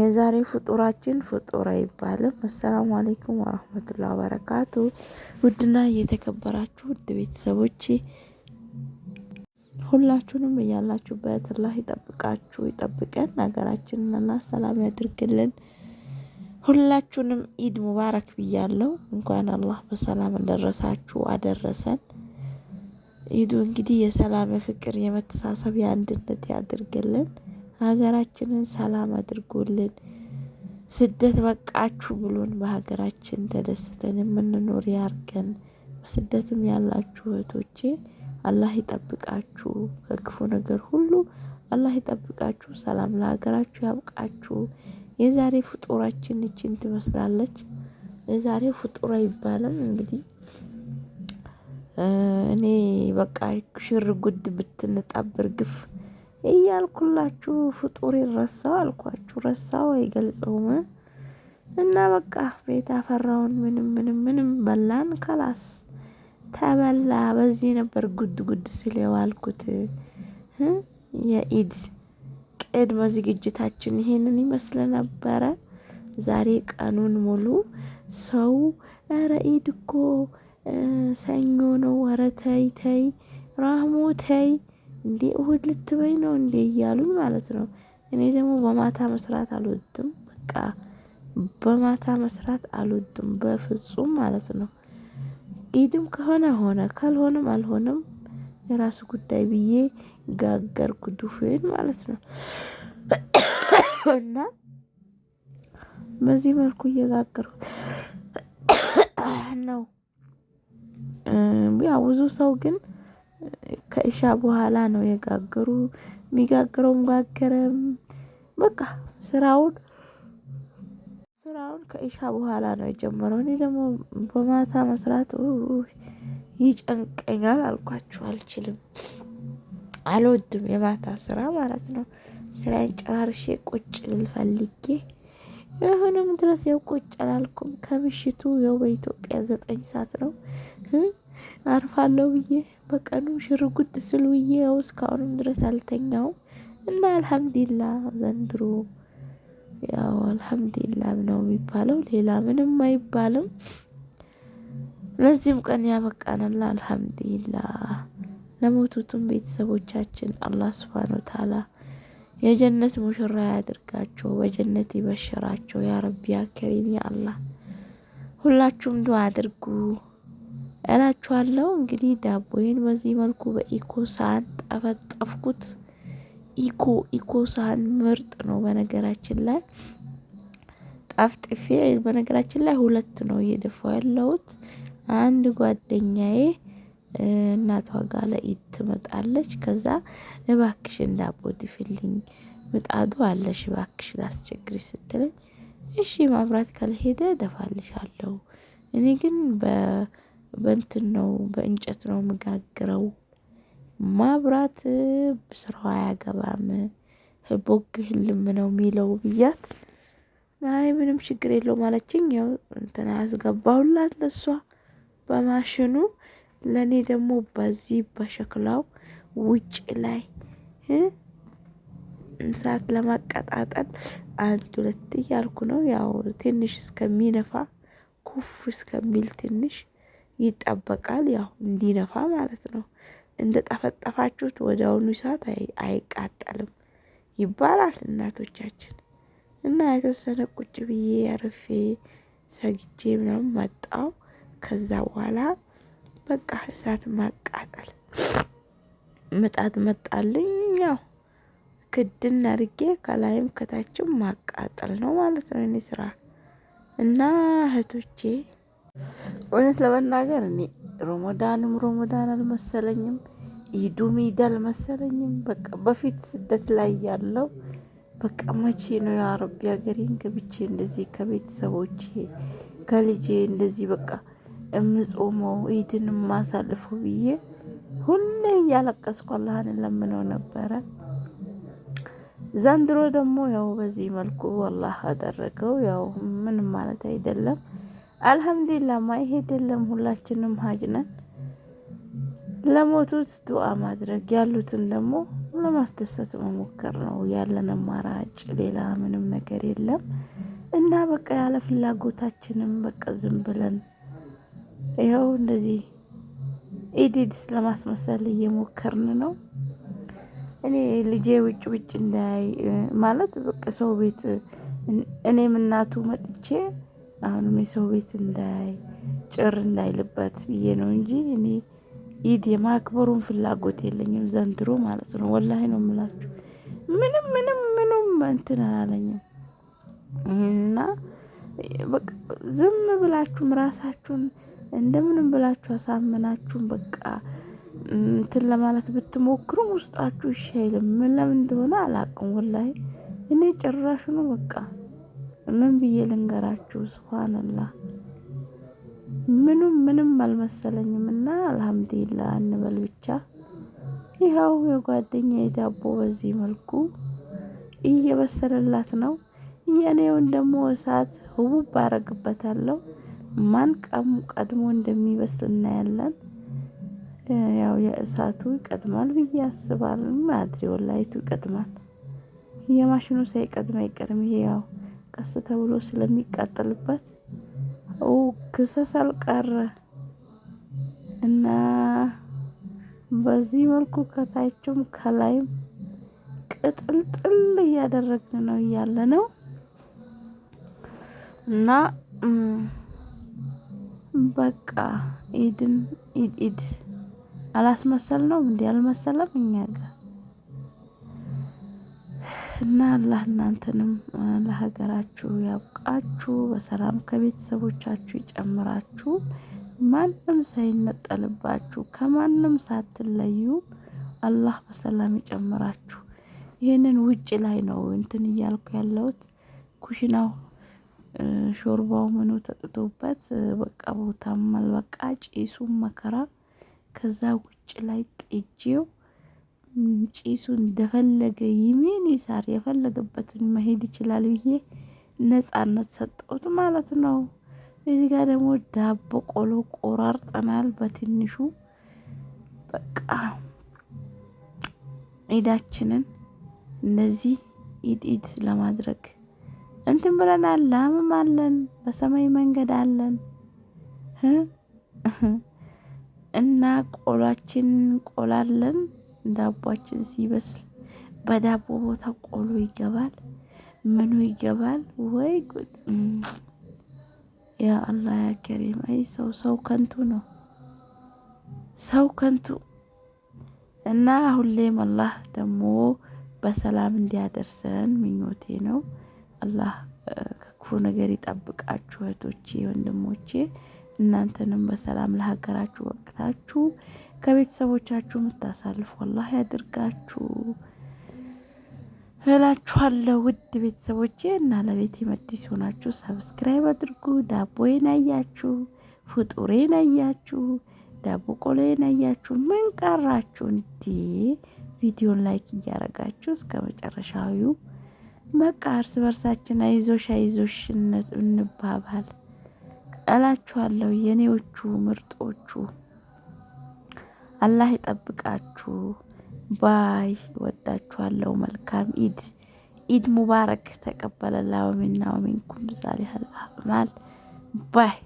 የዛሬ ፍጡራችን ፍጡር አይባልም። አሰላሙ አሌይኩም ወረህመቱላ ወበረካቱ። ውድና የተከበራችሁ ውድ ቤተሰቦች ሁላችሁንም እያላችሁበት አላህ ይጠብቃችሁ፣ ይጠብቀን፣ ሀገራችንንና ሰላም ያድርግልን። ሁላችሁንም ኢድ ሙባረክ ብያለው። እንኳን አላህ በሰላም ደረሳችሁ አደረሰን። ኢዱ እንግዲህ የሰላም የፍቅር፣ የመተሳሰብ፣ የአንድነት ያድርግልን። ሀገራችንን ሰላም አድርጎልን ስደት በቃችሁ ብሎን በሀገራችን ተደስተን የምንኖር ያርገን። በስደትም ያላችሁ እህቶቼ አላህ ይጠብቃችሁ፣ ከክፉ ነገር ሁሉ አላህ ይጠብቃችሁ። ሰላም ለሀገራችሁ ያብቃችሁ። የዛሬ ፍጡራችን እችን ትመስላለች። የዛሬ ፍጡር አይባልም እንግዲህ እኔ በቃ ሽር ጉድ ብትንጣብር ግፍ እያልኩላችሁ ፍጡር ይረሳው አልኳችሁ። ረሳው አይገልጸውም። እና በቃ ቤት አፈራውን ምንም ምንም ምንም በላን። ከላስ ተበላ። በዚህ ነበር ጉድ ጉድ ስል የዋልኩት። የኢድ ቅድመ ዝግጅታችን ይሄንን ይመስል ነበረ። ዛሬ ቀኑን ሙሉ ሰው ኧረ ኢድ እኮ ሰኞ ነው፣ ኧረ ተይ ተይ፣ ራህሙ ተይ እንዴ እሁድ ልትበይ ነው እንዴ እያሉኝ ማለት ነው። እኔ ደግሞ በማታ መስራት አልወድም በቃ በማታ መስራት አልወድም በፍጹም ማለት ነው። ኢድም ከሆነ ሆነ ካልሆነም አልሆነም የራሱ ጉዳይ ብዬ ጋገር ጉዱፍን ማለት ነው። እና በዚህ መልኩ እየጋገርኩ ነው። ያ ብዙ ሰው ግን ከእሻ በኋላ ነው የጋገሩ የሚጋግረውም ጋገረም በቃ ስራውን ስራውን ከእሻ በኋላ ነው የጀመረው። እኔ ደግሞ በማታ መስራት ይጨንቀኛል አልኳችሁ፣ አልችልም፣ አልወድም የማታ ስራ ማለት ነው። ስራን ጨራርሼ ቁጭ ልል ፈልጌ አሁንም ድረስ ያው ቁጭ አላልኩም። ከምሽቱ ያው በኢትዮጵያ ዘጠኝ ሰዓት ነው አርፋለሁ ብዬ በቀኑ ሽርጉድ ስል ውዬ ያው እስካሁንም ድረስ አልተኛው እና አልሐምዲላ ዘንድሮ ያው አልሐምዲላ ነው የሚባለው፣ ሌላ ምንም አይባልም። ለዚህም ቀን ያበቃናል። አልሐምዲላ። ለሞቱትም ቤተሰቦቻችን አላህ ስብሃነሁ ወተዓላ የጀነት ሙሽራ ያድርጋቸው፣ በጀነት ይበሽራቸው። ያ ረቢ ያ ከሪም ያ አላህ። ሁላችሁም ዱዓ አድርጉ። እላችኋለሁ። እንግዲህ ዳቦዬን በዚህ መልኩ በኢኮ ሳህን ጠፈጠፍኩት። ኢኮ ኢኮ ሳህን ምርጥ ነው በነገራችን ላይ ጠፍጥፌ። በነገራችን ላይ ሁለት ነው እየደፋው ያለሁት። አንድ ጓደኛዬ እናቷ ጋር ለኢድ ትመጣለች። ከዛ እባክሽን ዳቦ ድፊልኝ ምጣዱ አለሽ እባክሽ ላስቸግሪ ስትለኝ እሺ ማብራት ካልሄደ ደፋልሻለሁ። እኔ ግን በ በእንትን ነው በእንጨት ነው የምጋግረው። ማብራት ስራዋ አያገባም። ቦግ ህልም ነው የሚለው ብያት። አይ ምንም ችግር የለው ማለችኝ። ያው እንትን አስገባሁላት ለሷ በማሽኑ ለኔ ደግሞ በዚህ በሸክላው ውጭ ላይ እንሳት ለማቀጣጠል አንድ ሁለት እያልኩ ነው። ያው ትንሽ እስከሚነፋ ኩፍ እስከሚል ትንሽ ይጠበቃል። ያው እንዲነፋ ማለት ነው። እንደ ጠፈጠፋችሁት ወደ አሁኑ ሰዓት አይቃጠልም ይባላል እናቶቻችን። እና የተወሰነ ቁጭ ብዬ አርፌ ሰግጄ ምናምን መጣው። ከዛ በኋላ በቃ እሳት ማቃጠል ምጣድ መጣልኝ። ያው ክድን አድርጌ ከላይም ከታችም ማቃጠል ነው ማለት ነው እኔ ስራ እና እህቶቼ እውነት ለመናገር እኔ ሮሞዳንም ሮሞዳን አልመሰለኝም ኢዱም ኢድ አልመሰለኝም። በቃ በፊት ስደት ላይ ያለው በቃ መቼ ነው የአረብ ሀገሬን ገብቼ እንደዚህ ከቤተሰቦቼ ከልጄ እንደዚህ በቃ እምጾመው ኢድን የማሳልፈው ብዬ ሁሌ እያለቀስኩ አላህን ለምነው ነበረ። ዘንድሮ ደግሞ ያው በዚህ መልኩ አላህ አደረገው። ያው ምንም ማለት አይደለም። አልሐምዱሊላ ማይሄድ ይሄ ሁላችንም ሀጅ ነን። ለሞቱት ዱዓ ማድረግ ያሉትን ደግሞ ለማስደሰት መሞከር ነው ያለን አማራጭ። ሌላ ምንም ነገር የለም እና በቃ ያለ ፍላጎታችንም በቃ ዝም ብለን ይኸው እንደዚህ ኢዲድ ለማስመሰል እየሞከርን ነው። እኔ ልጄ ውጭ ውጭ እንዳይ ማለት በቃ ሰው ቤት እኔም እናቱ መጥቼ አሁንም የሰው ቤት እንዳይ ጭር እንዳይልበት ብዬ ነው እንጂ እኔ ኢድ የማክበሩን ፍላጎት የለኝም ዘንድሮ ማለት ነው። ወላሂ ነው የምላችሁ። ምንም ምንም ምንም እንትን አላለኝም እና በቃ ዝም ብላችሁም ራሳችሁን እንደምንም ብላችሁ አሳምናችሁም በቃ እንትን ለማለት ብትሞክሩም ውስጣችሁ ይሻይልም። ምን ለምን እንደሆነ አላቅም። ወላሂ እኔ ጭራሽ ነው በቃ ምን ብዬ ልንገራችሁ? ሱብሃንላህ ምኑም ምንም አልመሰለኝም እና አልሐምዱሊላ እንበል ብቻ። ይኸው የጓደኛ የዳቦ በዚህ መልኩ እየበሰለላት ነው። የእኔውን ደግሞ እሳት ህቡብ አረግበታለሁ። ማን ቀድሞ እንደሚበስል እናያለን። ያው የእሳቱ ይቀድማል ብዬ አስባለሁ። አድሬ ወላይቱ ይቀድማል። የማሽኑ ሳይቀድም አይቀርም። ይሄ ያው ቀስ ተብሎ ስለሚቃጠልበት ክሰስ አልቀረ እና በዚህ መልኩ ከታችም ከላይም ቅጥልጥል እያደረግን ነው እያለ ነው እና በቃ ኢድን ኢድ ኢድ አላስመሰል ነው እንዲህ አልመሰለም እኛ ጋር እና አላህ እናንተንም ለሀገራችሁ ያብቃችሁ፣ በሰላም ከቤተሰቦቻችሁ ይጨምራችሁ፣ ማንም ሳይነጠልባችሁ፣ ከማንም ሳትለዩ አላህ በሰላም ይጨምራችሁ። ይህንን ውጭ ላይ ነው እንትን እያልኩ ያለሁት ኩሽናው ሾርባው ምኑ ተጥቶበት በቃ ቦታም አልበቃ ጭሱም መከራ። ከዛ ውጭ ላይ ጥጄው ጭሱ እንደፈለገ ይሜን ይሳር የፈለገበትን መሄድ ይችላል ብዬ ነጻነት ሰጠሁት ማለት ነው። እዚህ ጋር ደግሞ ዳቦ ቆሎ ቆራርጠናል በትንሹ በቃ ኢዳችንን እነዚህ ኢድ ኢድ ለማድረግ እንትን ብለናል። ላምም አለን፣ በሰማይ መንገድ አለን እና ቆሏችን ቆላለን። ዳቧችን ሲበስል በዳቦ ቦታ ቆሎ ይገባል። ምኑ ይገባል? ወይ ጉድ! ያ አላህ ያ ከሪም። አይ ሰው ሰው ከንቱ ነው፣ ሰው ከንቱ እና ሁሌም አላህ ደግሞ በሰላም እንዲያደርሰን ምኞቴ ነው። አላህ ከክፉ ነገር ይጠብቃችሁ እህቶቼ ወንድሞቼ። እናንተንም በሰላም ለሀገራችሁ ወቅታችሁ ከቤተሰቦቻችሁ የምታሳልፉ አላህ ያድርጋችሁ እላችኋለሁ። ውድ ቤተሰቦቼ እና ለቤት መዲስ ሲሆናችሁ ሰብስክራይብ አድርጉ። ዳቦ አያችሁ፣ ፍጡሬን አያችሁ፣ ዳቦ ቆሎ አያችሁ። ምን ቀራችሁ እንዴ? ቪዲዮን ላይክ እያረጋችሁ እስከ መጨረሻዊው በቃ እርስ በርሳችን አይዞሽ አይዞሽ እንባባል። እላችኋለሁ የኔዎቹ ምርጦቹ አላህ ይጠብቃችሁ። ባይ ወዳችኋለሁ። መልካም ኢድ ኢድ ሙባረክ። ተቀበለላ ወሚና ወሚንኩም ዛሊሀል አዕማል ባይ